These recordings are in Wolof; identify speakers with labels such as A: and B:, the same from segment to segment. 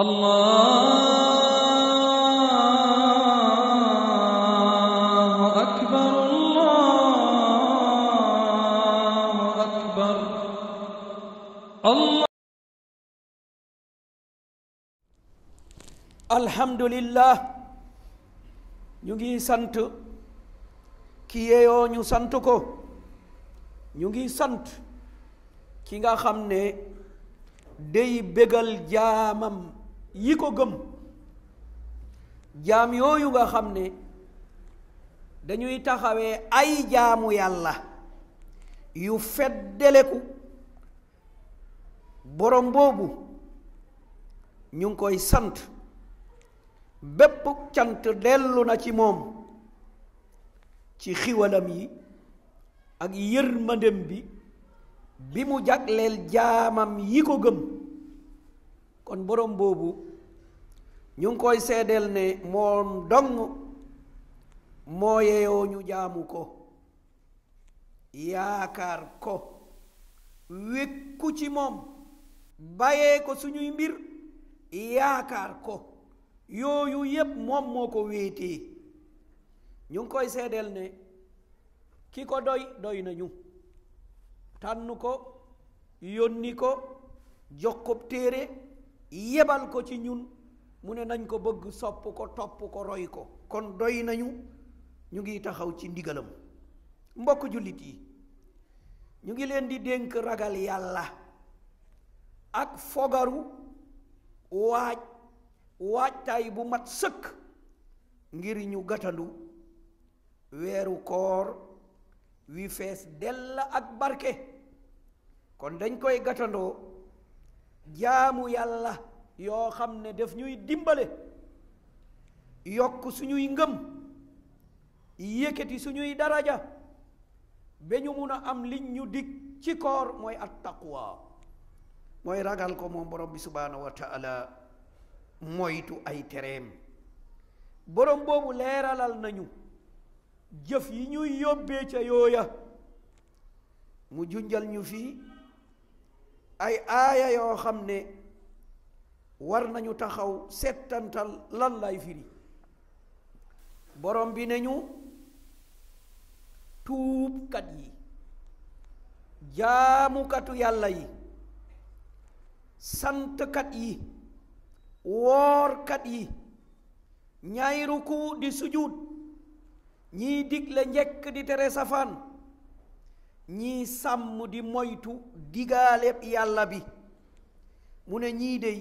A: الله أكبر الله ñu ngi sant ki yeeyoo ñu sant ko ñu ngi sant ki nga xam ne day bégal jaamam yi ko gëm jaam yooyu nga xam ne dañuy taxawee ay jaamu yàlla yu feddeleku borom boobu ñu koy sant bépp cant dellu na ci moom ci xiwalam yi ak yërmandem bi bi mu jagleel jaamam yi ko gëm kon borom boobu ñu ngi koy seedeel ne moom dong moo yeyoo ñu jaamu ko yaakaar ko wékku ci moom bàyyee ko suñuy mbir yaakaar ko yooyu yépp moom moo ko wéetee ñu ngi koy seedeel ne ki ko doy doy nañu tànn ko yónni ko jox ko téere yebal ko ci ñun mu ne nañ ko bëgg sopp ko topp ko roy ko kon doy nañu ñu ngi taxaw ci ndigalam mbokk jullit yi ñu ngi leen di dénk ragal yàlla ak fogaru waaj waajtaay bu mat sëkk ngir ñu gatandu weeru koor wi fees dell ak barke kon dañ koy gatandoo jaamu yàlla yoo xam ne daf ñuy dimbale yokk suñuy ngëm yëkkati suñuy daraja ba ñu mun a am liñ ñu dikk ci koor mooy at taqwa mooy ragal ko moom borom bi subhaanahu wa moytu ay tereem borom boobu leeralal nañu jëf yi ñuy yóbbee ca yooya mu junjal ñu fii ay aaya yoo xam ne war nañu taxaw settantal lan lay firi borom bi ne ñu tuubkat yi jaamukatu yàlla yi santkat yi woorkat yi ñay ruku di sujud ñiy digle njëkk di tere safaan ñii sàmm di moytu digaaleb yàlla bi mu ne ñii dey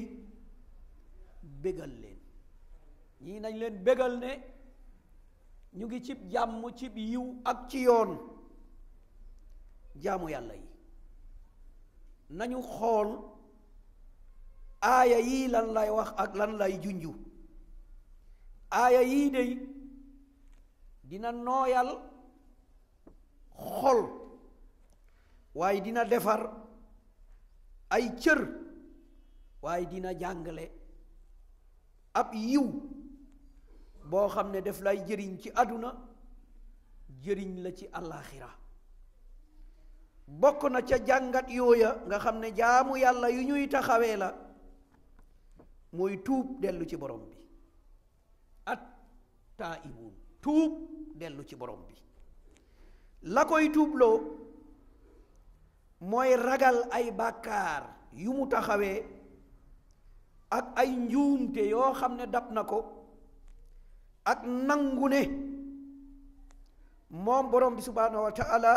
A: bégal leen ñii nañ leen bégal ne ñu ngi cib jàmm cib yiw ak ci yoon jaamu yàlla yi nañu xool aaya yii lan lay wax ak lan lay junju aaya yii dey dina nooyal xol waaye dina defar ay cër waaye dina jàngale ab yiw boo xam ne daf lay jëriñ ci àdduna jëriñ la ci àllaaxira bokk na ca jàngat yooya nga xam ne jaamu yàlla yu ñuy taxawee la mooy tuub dellu ci borom bi at taa ibuun tuub dellu ci borom bi la koy tuubloo mooy ragal ay bàkkaar yu mu taxawee ak ay njuumte yoo xam ne dab na ko ak nangu ne moom borom bi subhaanahu wa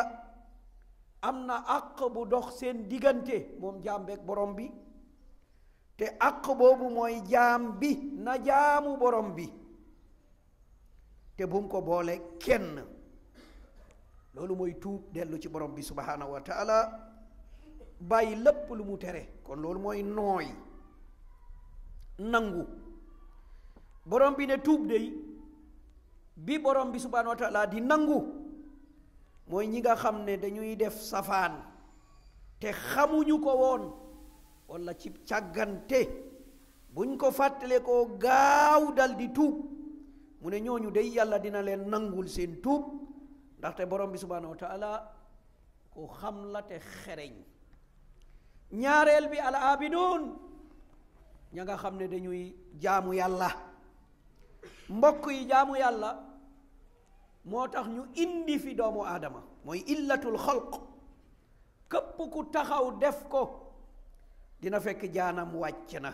A: am na àq bu dox seen diggante moom jaam beeg borom bi te àq boobu mooy jaam bi na jaamu borom bi te bu mu ko boole kenn loolu mooy tuub dellu ci borom bi subhaanahu wa taala bàyyi lépp lu mu tere kon loolu mooy nooy nangu borom bi ne tuub dey bi borom bi subhaanahu wa di nangu mooy ñi nga xam ne dañuy def safaan te xamuñu ko woon walla ci càggante buñ ko fàttalee koo gaaw dal di tuub mu ne ñooñu dey yàlla dina leen nangul seen tuub ndaxte borom bi subhaanahu wa taala ko xam la te xereñ ñaareel bi al abidun ña nga xam ne dañuy jaamu yàlla mbokk yi jaamu yàlla moo tax ñu indi fi doomu aadama mooy illatul xalq képp ku taxaw def ko dina fekk jaanam wàcc na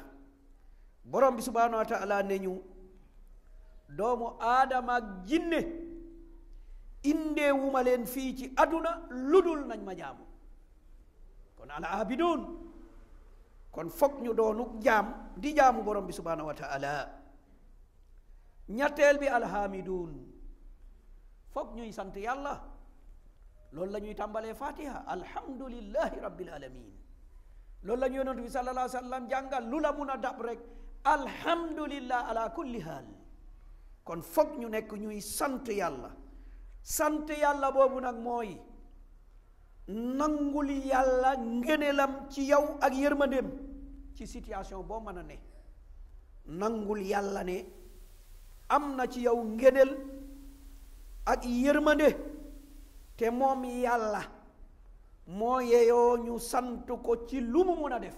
A: borom bi subhaanahu ne ñu doomu aadama ak jinne indeewuma leen fii ci aduna dul nañ ma jaamu kon al kon foog ñu doonu jaam di jaamu borom bi subhaanahu wa taala ñetteel bi alhamidun foog ñuy sant yàlla loolu la ñuy tàmbalee fatiha alhamdulillahi rabbil alamin loolu la ñu yonent bi sallallahu alayhi wa sallam lu la mun a dab rek alhamdulillah ala kulli haal kon foog ñu nekk ñuy sant yàlla sant yàlla boobu nag mooy nangul yàlla ngëneelam ci yow ak yërmandeem ci situation boo mën a ne nangul yàlla ne am na ci yow ngëneel ak yërmande te moom yàlla moo yeyoo ñu sant ko ci lu mu mun a def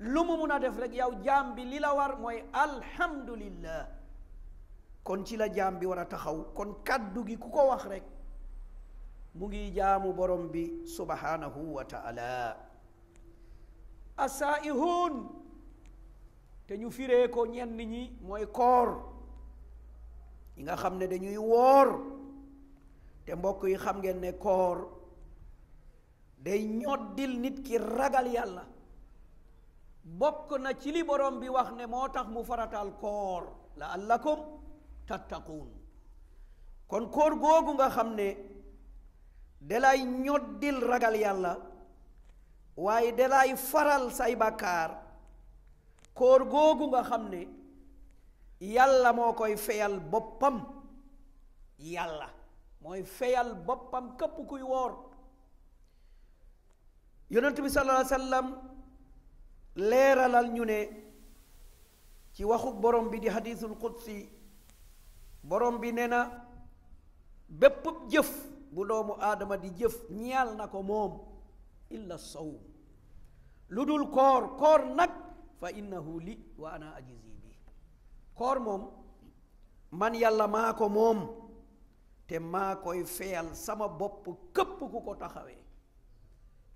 A: lu mu mun a def rek yow jaam bi li la war mooy alhamdulillah kon ci la jaam bi war a taxaw kon kàddu gi ku ko wax rekk mu ngi jaamu borom bi subhanahu wa taala asaihun te ñu firee ko ñenn ñi mooy koor yi nga xam ne dañuy woor te mbokk yi xam ngeen ne koor day ñoddil nit ki ragal yàlla bokk na ci li borom bi wax ne moo tax mu faratal koor la allakum tattaquun kon koor googu nga xam ne dalay ñoddil ragal yàlla waaye dalay faral say bàkkaar koor googu nga xam ne yàlla moo koy feyal boppam yàlla mooy feyal boppam képp kuy woor yonent bi sallallahu alayhi leeralal ñu ne ci waxu borom bi di hadiisul qudsi borom bi ne na bépp jëf bu doomu aadama di jëf ñeel na ko moom illa sawm lu dul koor koor nag fa innahu li waa ana ajizi bi koor moom man yàlla maa ko moom te maa koy feyal sama bopp képp ku ko taxawee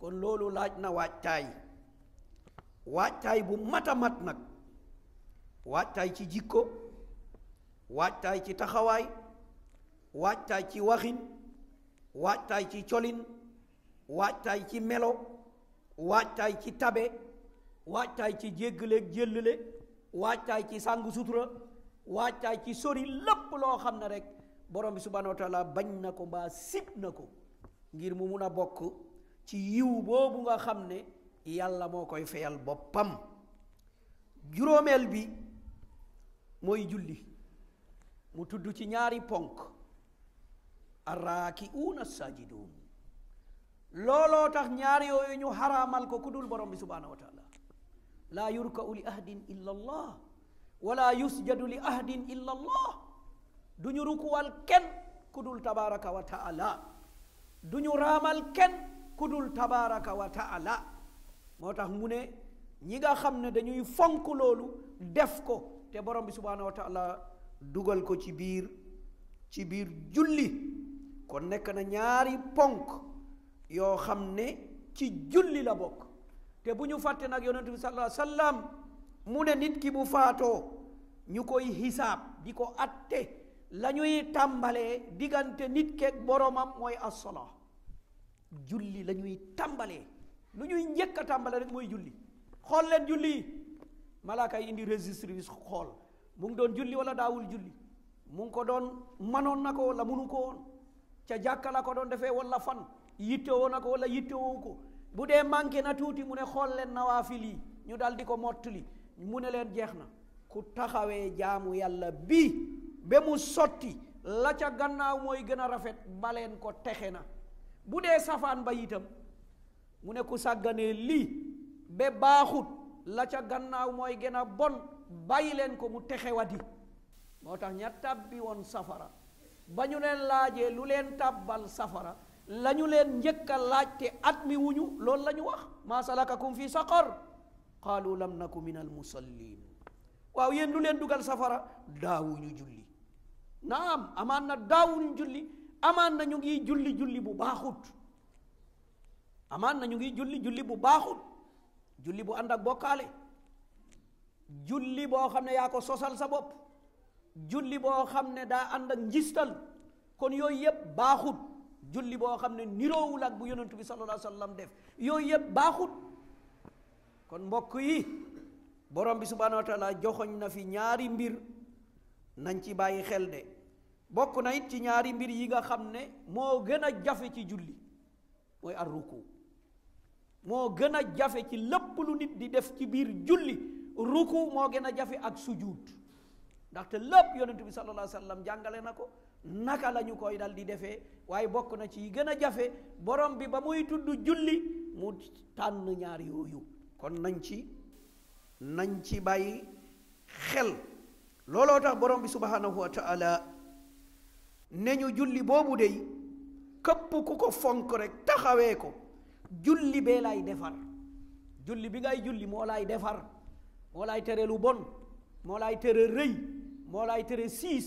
A: kon loolu laaj na waajtaay waajtaay bu mat mat nag waajtaay ci jikko waajtaay ci taxawaay waajtaay ci waxin waajtaay ci colin waajtaay ci melo waajtaay ci tabe waajtaay ci jéggaleeg jëllale waajtaay ci sàngu sutura waajtaay ci sori lépp loo xam ne rekk borom bi subhaanahu wa bañ na ko mbaa sib na ko ngir mu mun a bokk ci yiw boobu nga xam ne yàlla moo koy feyal boppam juróomeel bi mooy julli mu tudd ci ñaari ponk arraakiuuna saajiduun looloo tax ñaar yooyu ñu xaraamal ko kudul dul borom bi subhaanahu wa taala laa yurkau li ahdin illa allah wala yusjadu li ahdin illa allah du ñu rukuwal kenn kudul dul wa taala du ñu raamal kenn ku dul wa taala moo tax mu ne ñi nga xam ne dañuy fonk loolu def ko te borom bi subhaanahu wa taala dugal ko ci biir ci biir julli kon nekk na ñaari ponk yoo xam ne ci julli la bokk te bu ñu fàttee nag yonent bi sallallahu alayhi mu ne nit ki bu faatoo ñu koy hisaab di ko atte lañuy ñuy tàmbalee diggante nit keeg boromam mooy assola julli la ñuy tàmbalee lu ñuy njëkk a tàmbalee rek mooy julli xool leen julli malaaka yi indi registre bi xool mu doon julli wala daawul julli mu ko doon manoon na ko wala munu ko woon ca jàkka la ko doon defee wala fan yittewoo na ko wala yittewoo ko bu dee manqué na tuuti mu ne xool leen nawaafil lii ñu dal di ko mottali mu ne leen jeex na ku taxawee jaamu yàlla bii ba mu sotti la ca gannaaw mooy gën a rafet baleen ko texe na bu dee safaan ba itam mu ne ku sàgganee lii ba baaxut la ca gannaaw mooy gën a bon bàyyi leen ko mu texewati moo tax ña tàbbi woon safara ba ñu leen laajee lu leen tàbbal safara lañu ñu leen njëkk a laajte at mi wuñu loolu la ñu wax maa salakakum fi saqar qaalu lam naku min al musallin waaw yéen lu leen dugal safara daawuñu julli naam amaan na daawuñu julli amaan na ñu ngi julli julli bu baaxut na ñu ngi julli julli bu baaxut julli bu ànd ak bokkaale julli boo xam ne yaa ko sosal sa bopp julli boo xam ne daa ànd ak njistal kon yooyu yëpp baaxut julli boo xam ne niroowul ak bu yonentu bi sallallahu alayhi wa sallam def yooyu yëpp baaxut kon mbokk yi borom bi subhanahu wa joxoñ na fi ñaari mbir nañ ci bàyyi xel de bokk na ci ñaari mbir yi nga xam ne moo gën a jafe ci julli mooy ar ruku moo gën a jafe ci lépp lu nit di def ci biir julli ruku moo gën a jafe ak sujud ndaxte lépp yonent bi sallallahu alayhi wa sallam jàngale na ko naka lañu koy dal di defee waaye bokk na ci gën a jafe borom bi ba muy tudd julli mu tànn ñaar yooyu kon nañ ci nañ ci bàyyi xel looloo tax borom bi subhanahu wa taala ne ñu julli boobu dey këpp ku ko fonk rek taxawee ko julli bee lay defar julli bi ngay julli moo lay defar moo lay tere lu bon moo lay tere rëy moolaay laay tere siis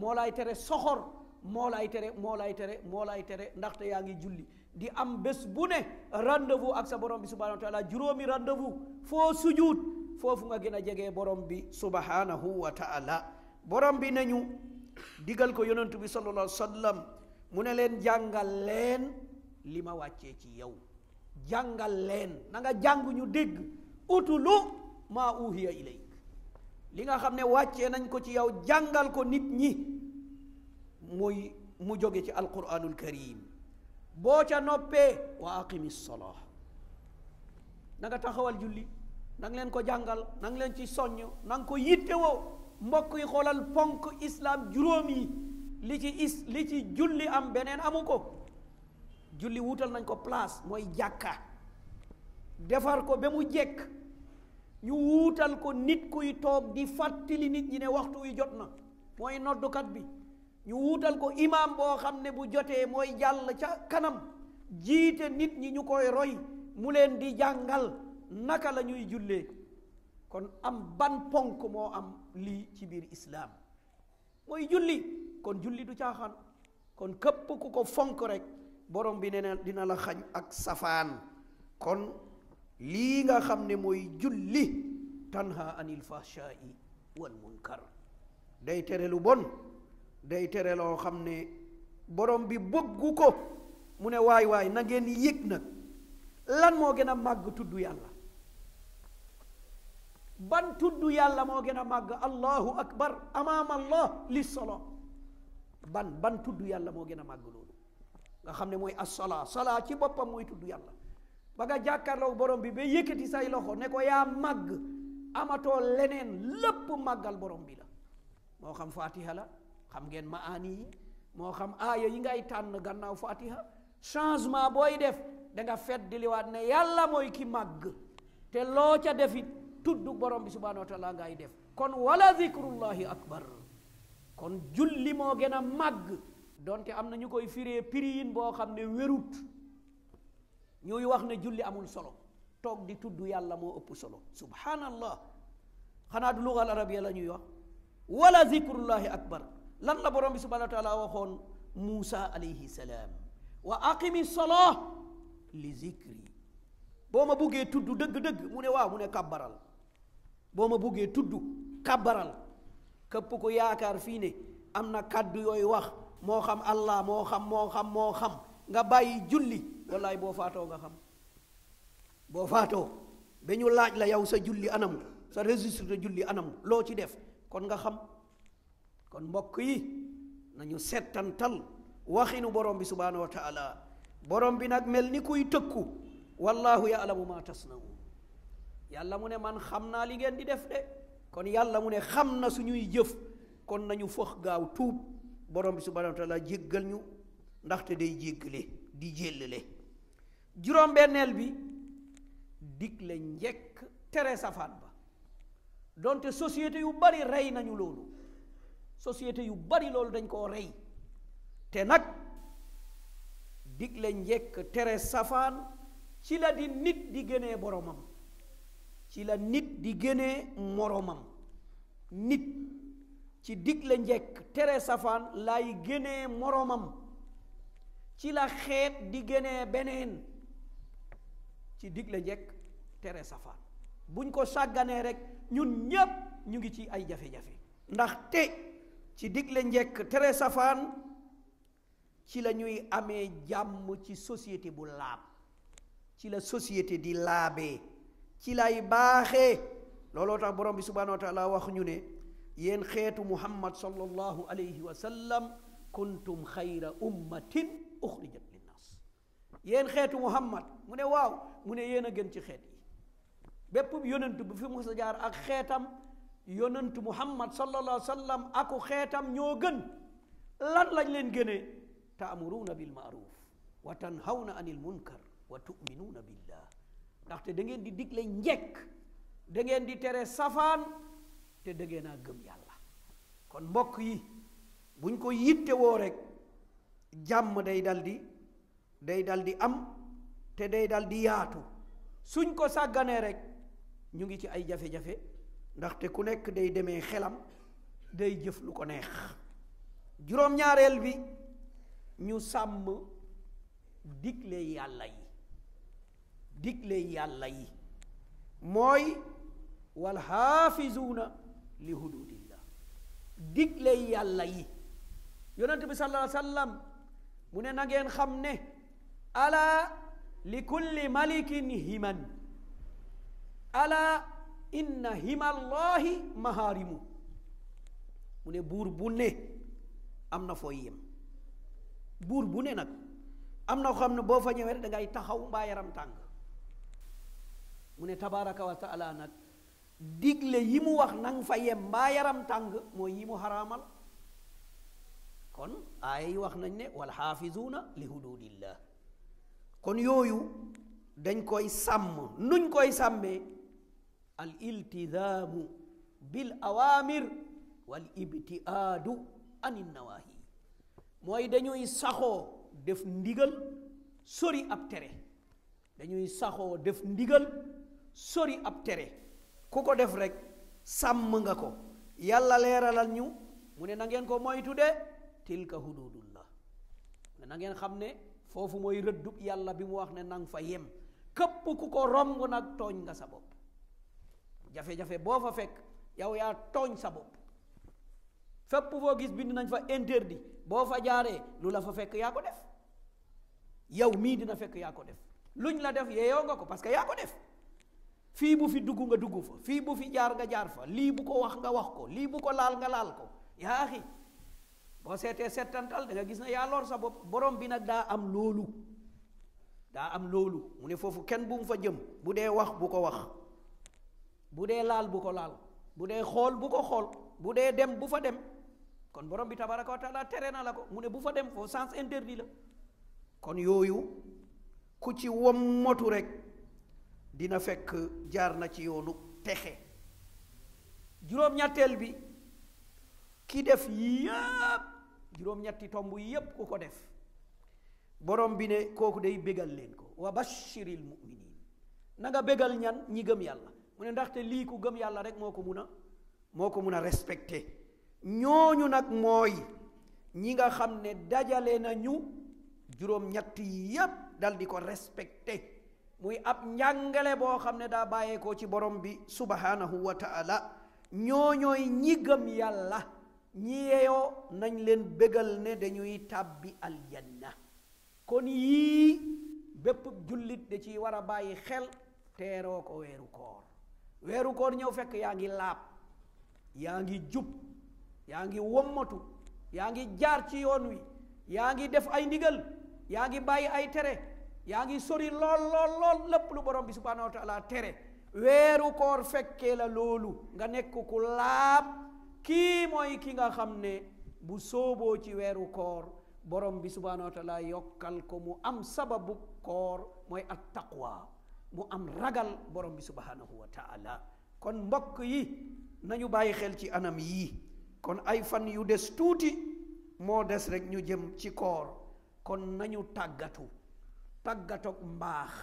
A: moo tere soxor moolaay tere moo laay tere moo tere ndaxte yaa ngi julli di am bés bu ne rendez-vous ak sa borom bi subhanahu wa juróomi rendez-vous foo sujuut foofu nga gën a jege borom bi subhanahu wa taala borom bi nañu digal ko yonentu bi sallallahu alayhi wa mu ne leen jàngal leen li ma wàccee ci yow jàngal leen nanga nga jàng ñu dégg utulu maa uhiya ilay li nga xam ne wàccee nañ ko ci yow jàngal ko nit ñi muy mu jóge ci alquranul karim boo ca noppee wa aqimi salaa na taxawal julli na leen ko jàngal na leen ci soññ na ko yittewoo mbokk yi xoolal ponk islaam juróom yi li ci is li ci julli am beneen amu ko julli wutal nañ ko place mooy jàkka defar ko ba mu jekk ñu wuutal ko nit kuy toog di fàttali nit ñi ne waxtu wi jot na mooy noddukat bi ñu wuutal ko imaam boo xam ne bu jotee mooy jàll ca kanam jiite nit ñi ñu koy roy mu leen di jàngal naka lañuy ñuy jullee kon am ban ponk moo am lii ci biir islaam mooy julli kon julli du caaxaan kon képp ku ko fonk rek borom bi nee na dina la xañ ak safaan kon lii nga xam ne mooy julli tanha anil fahshaa'i wal munkar day tere lu bon day tere loo xam ne borom bi bëggu ko mu ne waay waay na ngeen yëg nag lan moo gën a màgg tudd yàlla ban tudd yàlla moo gën a màgg allahu akbar amaam allah li solo ban ban tudd yàlla moo gën a màgg loolu nga xam ne mooy as-salaa salaa ci boppam mooy tudd yàlla ba nga jàkkaarloog borom bi ba yëkkati say loxo ne ko yaa màgg amatoo leneen lépp màggal borom bi la moo xam fatiha la xam ngeen maani yi moo xam aaya yi ngay tànn gannaaw fatiha changement booy def danga nga fet di liwaat ne yàlla mooy kii màgg te loo ca defit tudd borom bi subhanahu wa taala ngay def kon wala zikrullahi akbar kon julli moo gën a màgg donte am na ñu koy firee piriin boo xam ne wérut ñooy wax ne julli amul solo toog di tudd yàlla moo ëpp solo subhanallah xanaa du lugal arabia la ñuy wax walla zikrullahi akbar lan la borom bi subhanahu wa taala waxoon Muusa alayhi salaam wa aqimi sola li zikri boo ma buggee tudd dëgg-dëgg mu ne waaw mu ne kàbbaral boo ma buggee tudd kàbbaral këpp ko yaakaar fii ne am na kàddu yooyu wax moo xam Allah moo xam moo xam moo xam nga bàyyi julli wallaay boo faatoo nga xam boo faatoo ba ñu laaj la yow sa julli anam sa registre julli anam loo ci def kon nga xam kon mbokk yi nañu settantal waxinu borom bi subhaanahu wa taala borom bi nag mel ni kuy tëkku wallahu yaalamu ma tasnaun yàlla mu ne man xam naa li ngeen di def de kon yàlla mu ne xam na suñuy jëf kon nañu fox gaaw tuub borom bi subhaanahu wa taala jéggal ñu ndaxte day jéggale di jéllale juróom-benneel bi digle njëkk tere safaan ba donte société yu bari rey nañu loolu société yu bari loolu dañ koo rey te nag digle njëkk tere safaan ci la di nit di génnee boromam ci la nit di génnee moromam nit ci digle njëkk tere safaan lay génnee moromam ci la xeet di génnee beneen ci digle njekk tere safaan buñ ko sàgganee rek ñun ñépp ñu ngi ci ay jafe-jafe ndaxte ci digle njekk tere safaan ci la ñuy amee jàmm ci société bu laab ci la société di laabee ci lay baaxee looloo tax borom bi subhaanahu wa taala wax ñu ne yéen xeetu muhammad sallallahu alayhi wa sallam kuntum xayra ummatin uxrijat yéen xeetu muhammad mu ne waaw mu ne yéen a gën ci xeet yi bépp yonent bu fi mos a jaar ak xeetam yonent muhammad sallallahu alayhi wa sallam aku xeetam ñoo gën lan lañ leen gënee taamuruuna bil maaruf wa tanhawna anil munkar wa tuminuuna billah ndaxte da ngeen di digle njekk da ngeen di tere safaan te da gëm yàlla kon mbokk yi buñ ko yitte woo rek jàmm day dal di day dal di am te day dal di yaatu suñ ko sàgganee rek ñu ngi ci ay jafe-jafe ndaxte ku nekk day demee xelam day jëf lu ko neex juróom-ñaareel bi ñu sàmm digle yàlla yi digle yàlla yi mooy wal xaafizuuna li hududillah digle yàlla yi yonent bi sallallahu alayhi mu ne na ngeen xam ne alaa li kulli malikin himan alaa inna himallahi maharimu mu ne buur bu am na foo yem buur bu ne nag am na xam ne boo fa ñëwee da ngay taxaw mbaa yaram tàng mu ne tabaraka wa taala nag digle yi mu wax nang fa yem mbaa yaram tàng mooy yi mu kon aaya yi wax nañ ne wal xaafizuuna li hududillah kon yooyu dañ koy sàmm nuñ koy sàmmee al iltizaamu bil awaamir wal ibtiaadu ani nawaahi mooy dañuy saxoo def ndigal sori ab tere dañuy saxoo def ndigal sori ab tere ku ko def rek sàmm nga ko yàlla leeralal ñu mu ne na ngeen ko moytu de tilka hududullah mu ne na ngeen xam ne foofu mooy rëddub yàlla bi mu wax ne nang fa yem képp ku ko romb nag tooñ nga sa bopp jafe-jafe boo fa fekk yow yaa tooñ sa bopp fépp foo gis bind nañ fa interdit boo fa jaaree lu la fa fekk yaa ko def yow mii dina fekk yaa ko def lu ñu la def yeeyoo nga ko parce que yaa ko def fii bu fi dugg nga dugg fa fii bu fi jaar nga jaar fa lii bu ko wax nga wax ko lii bu ko laal nga laal ko yaa boo seetee seetantal da nga gis na yaa lor sa bopp borom bi nag daa am loolu daa am loolu mu ne foofu kenn bu mu fa jëm bu dee wax bu ko wax bu dee laal bu ko laal bu dee xool bu ko xool bu dee dem bu fa dem kon borom bi tabaraka wa taala tere na la ko mu ne bu fa dem foofu sens interdit la kon yooyu ku ci wommatu rek dina fekk jaar na ci yoonu texe juróom-ñetteel bi ki def yépp juróom-ñetti tomb yépp ku ko def borom bi ne kooku day bégal leen ko wa bashiril muminin nanga nga bégal ñan ñi gëm yàlla mu ne ndaxte lii ku gëm yàlla rek moo ko mun a moo ko mun a respecté ñooñu nag mooy ñi nga xam ne dajale nañu juróom-ñetti yépp dal di ko respecté muy ab njàngale boo xam ne daa bàyyeekoo ci borom bi subhanahu wa taala ñooñooy ñi gëm yàlla ñi yeyoo nañ leen bégal ne dañuy tàbbi aljanna kon yii bépp jullit da ci war a bàyyi xel teeroo ko weeru koor weeru koor ñëw fekk yaa ngi laab yaa ngi jub yaa ngi wommatu yaa ngi jaar ci yoon wi yaa ngi def ay ndigal yaa ngi bàyyi ay tere yaa ngi sori lool lool lool lépp lu borom bi subhaanahu tere weeru koor fekkee la loolu nga nekk ku laab kii mooy ki nga xam ne bu sooboo ci weeru koor borom bi subhaanahu wa yokkal ko mu am sababu koor mooy at taqwa mu am ragal borom bi subhaanahu wa kon mbokk yi nañu bàyyi xel ci anam yii kon ay fan yu des tuuti moo des rekk ñu jëm ci koor kon nañu tàggatu tàggatoog mbaax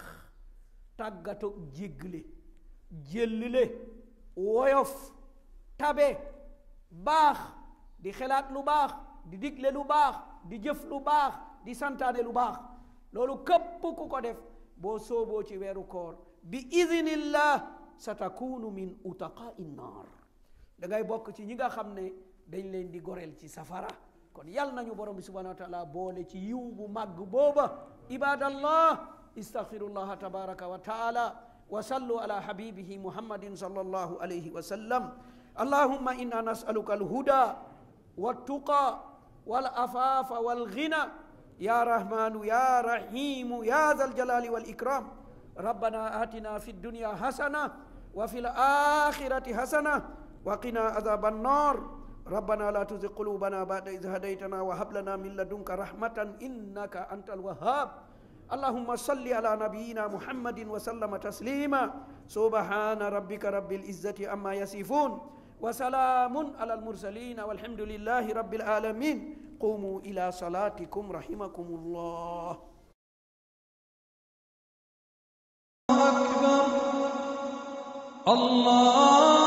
A: tàggatoog jéggle jëllile woyof tabe baax di xelaat lu baax di digle lu baax di jëf lu baax di santaane lu baax loolu képp ku ko def boo sooboo ci weeru koor bi idnillah sa takunu min utaqaai naar da ngay bokk ci ñi nga xam ne dañ leen di gorel ci safara kon yal nañu borom bi subhanahu wa taala boole ci yiw bu màgg booba ibadallah istaghfirullaha tabaraka wa taala wa sallu ala habibihi muhammadin sallallahu alayhi wa sallam allahumma inna nasaluka alhuda waltuqa walafafa walghina ya rahmanu ya rahimu ya dhal jalali wal ikram rabbana atina fi dunya hasana wa fil akhirati hasana wa qina adhaban nar rabbana la tuzigh qulubana ba'da idh hadaytana wa hab lana min ladunka rahmatan innaka antal wahhab اللهم صل على نبينا محمد وسلم تسليما سبحان ربك رب العزة أما يصفون وسلام على المرسلين والحمد لله رب العالمين قوموا إلى صلاتكم رحمكم الله الله أكبر الله